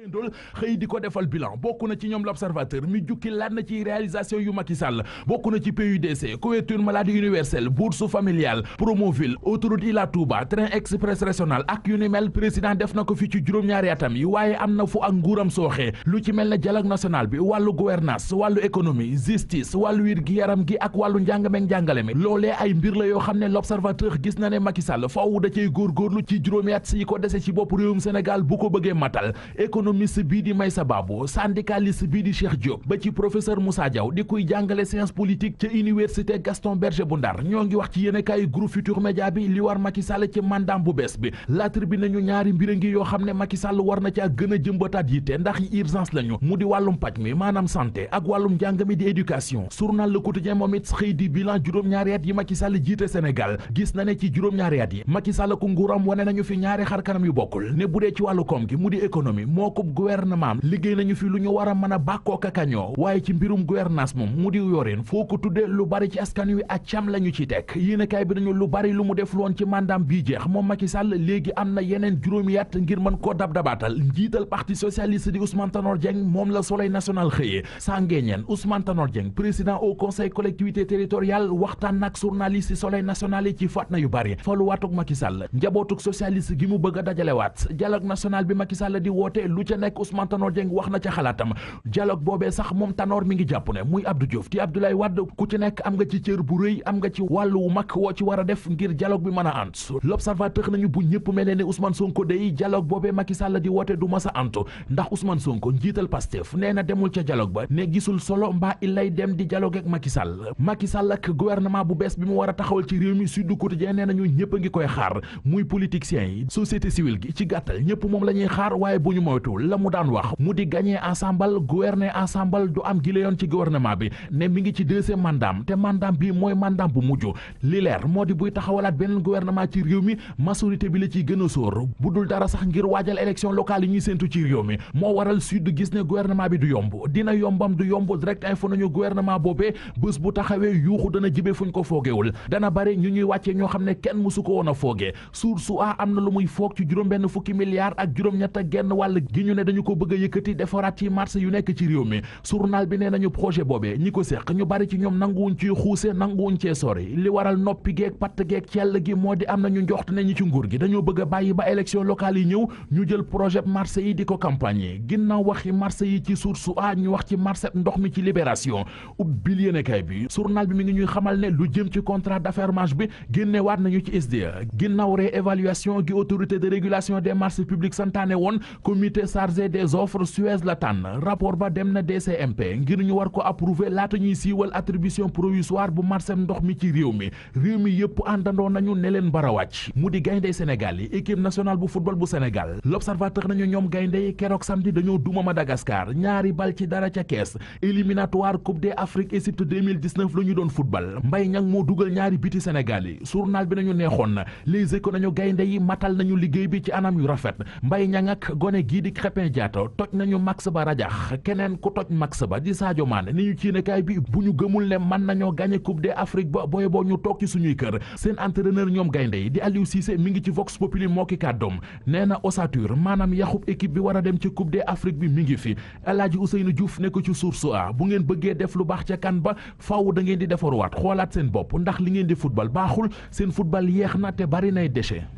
xëyandool xëy di ko defal bilan bokk na ci ñoom l'observateur mi jukki lan na ci réalisation yu Macky Sall bokk na ci PUDC couverture maladie universelle bourse familiale Promoville autoroute Ila Touba train express régional ak yu ni mel président def na ko fi ci juróom-ñaari atam yi waaye am na fu ak nguuram sooxee lu ci mel na dialogue national bi wàllu gouvernance wàllu économie justice wàllu wér gi yaram gi ak wàllu njàng meeg njàngale mi loolee ay mbir la yoo xam ne l'observateur gis na ne Macky Sall faaw da cay góorgóorlu ci juróomi at si ko dese ci bopp réewum Sénégal bu ko bëggee matal économiste bii di Maysa Babou syndicaliste bii di Cheikh Diop ba ci professeur Moussa Diaw di kuy jàngale science politique ca université Gaston Berger bu Ndar ñoo ngi wax ci yéenekaay groupe Futurs Médias bi li war Macky ci mandaam bu bees bi La Tribune nañu ñaari mbir a ngi yoo xam ne Macky war na caa gën a jëmbataat yitte ndax urgence lañu mu di wàllum paj mi maanaam santé ak wàllum njàng mi di éducation journal Le Quotidien moom it xëy di bilan juróom-ñaari at yi na ne ci at yi Macky Sall ku nguuram wane nañu fi ñaari xar kanam yu bokkul bokkub gouvernement liggéey nañu fi lu ñu war a mën a bàkkoo kakañoo waaye ci mbirum gouvernance mu di yorin foo ko tudde lu bari ci askan wi accam la ci teg yéenekaay bi nañu lu bari lu mu def loon ci mandaam bii jeex moom Macky léegi am na yeneen juróomi at ngir mën koo dab dabaatal njiital parti socialiste di Ousmane Tanor Dieng moom la Soleil national xëyee sangeñeen Ousmane Tanor Dieng président au conseil collectivité territoriale waxtaan nag journaliste Soleil national na yu bari faluwaatuk Macky Sall njabootuk socialiste a dajalewaat dialogue national bi Macky Sall di woote lu ca nekk Ousmane Tanor Dieng wax na ca xalaatam dialogue boobee sax moom Tanor mi ngi jàpp ne muy Abdou Diouf di Abdoulaye Wade ku ci nekk am nga ci cër bu rëy am nga ci wàll wu mag woo ci war a def ngir dialogue bi mën a ant l'observateur nañu bu ñëpp mel ne Ousmane Sonko day dialogue boobee Macky Sall di woote du mas a antu ndax Ousmane Sonko njiital fu nee na demul ca dialogue ba ne gisul solo mbaa il lay dem di dialogue ak Macky Sall Macky Sall ak gouvernement bu bees bi mu war a taxawal ci réew mi Sud Quotidien nee nañu ñëpp ngi koy xaar muy politiciens yi société civile gi ci gàttal ñëpp moom la ñuy xaar waaye bu ñu moytuwul la mu daan wax mu di gagner ensemble gouverner ensemble du am gile yoon ci gouvernement bi ne mi ngi ci deuxième mandaam te mandaam bi mooy mandaam bu mujj li leer moo di buy taxawalaat benn gouvernement ci réew mi majorité bi la ciy gën a sóor bu dul dara sax ngir waajal élection locale yi ñuy séntu ci réew mi moo waral sud gis ne gouvernement bi du yomb dina yombam du yomb direct info nañu gouvernement boobee bés bu taxawee yuuxu dana jibe fuñ ko foogewul dana bare ñu wàccee ñoo xam ne kenn musu ko woon a foogee suur su a am na lu muy foog ci juróom benn fukki milliards ak juróom genn wàll gi ñu ne dañu ko bëgg a yëkkati defaraat ci marché yu nekk ci réew mi journal bi nee nañu projet boobee ñi ko seq ñu bari ci ñoom nanguwuñ ciy xuuse nanguwuñ cee sori li waral noppi geeg patt geeg cell gi moo di am nañu njoxt ne ñi ci nguur gi dañoo bëgg a bàyyi ba élection locale yi ñëw ñu jël projet marché yi di ko campagne yi ginnaaw waxi marché yi ci source a ñu wax ci marché ndox mi ci libération ubbil yéenekaay bi journal bi mi ngi ñuy xamal ne lu jëm ci contrat d'affermage bi génnewaat nañu ci SDE ginnaaw réévaluation gi autorité de régulation des marchés publics santaane woon comité chargé des offres Suez la tànn rapport ba dem na DCMP ngir ñu war ko approuver laata ñuy siiwal attribution provisoire bu marché ndox mi ci réew mi réew mi yëpp àndandoo nañu ne leen mu di gayndey Sénégal yi équipe nationale bu football bu Sénégal l'observateur nañu ñoom gaynde yi keroog samedi dañoo duma Madagascar ñaari bal ci dara ca kees éliminatoire Coupe d'Afrique Égypte 2019 la ñu doon football Mbaye Niang moo dugal ñaari biti Sénégal yi journal bi nañu neexoon na les éco nañu gaynde yi matal nañu liggéey bi ci anam yu rafet Mbaye Niang ak Krépin Diatta toj nañu max ba rajax keneen ku toj max ba di Sadio Mané ni ñu ciinekaay bi bu ñu gëmul ne mën nañoo gagné coupe d'Afrique ba boye boo ñu toog ci suñuy kër seen entraîneur ñoom gaynde yi di Aliou Cissé mi ngi ci Vox Populi moo ki kàddoom nee na ossature maanaam yaxub équipe bi war a dem ci coupe d'Afrique bi mi ngi fi El Hadji Ousseynou Diouf ne nekk ci Source A bu ngeen bëggee def lu baax ca kan ba faaw da ngeen di defaruwaat xoolaat seen bopp ndax li ngeen di football baaxul seen football yeex na te bari nay déchet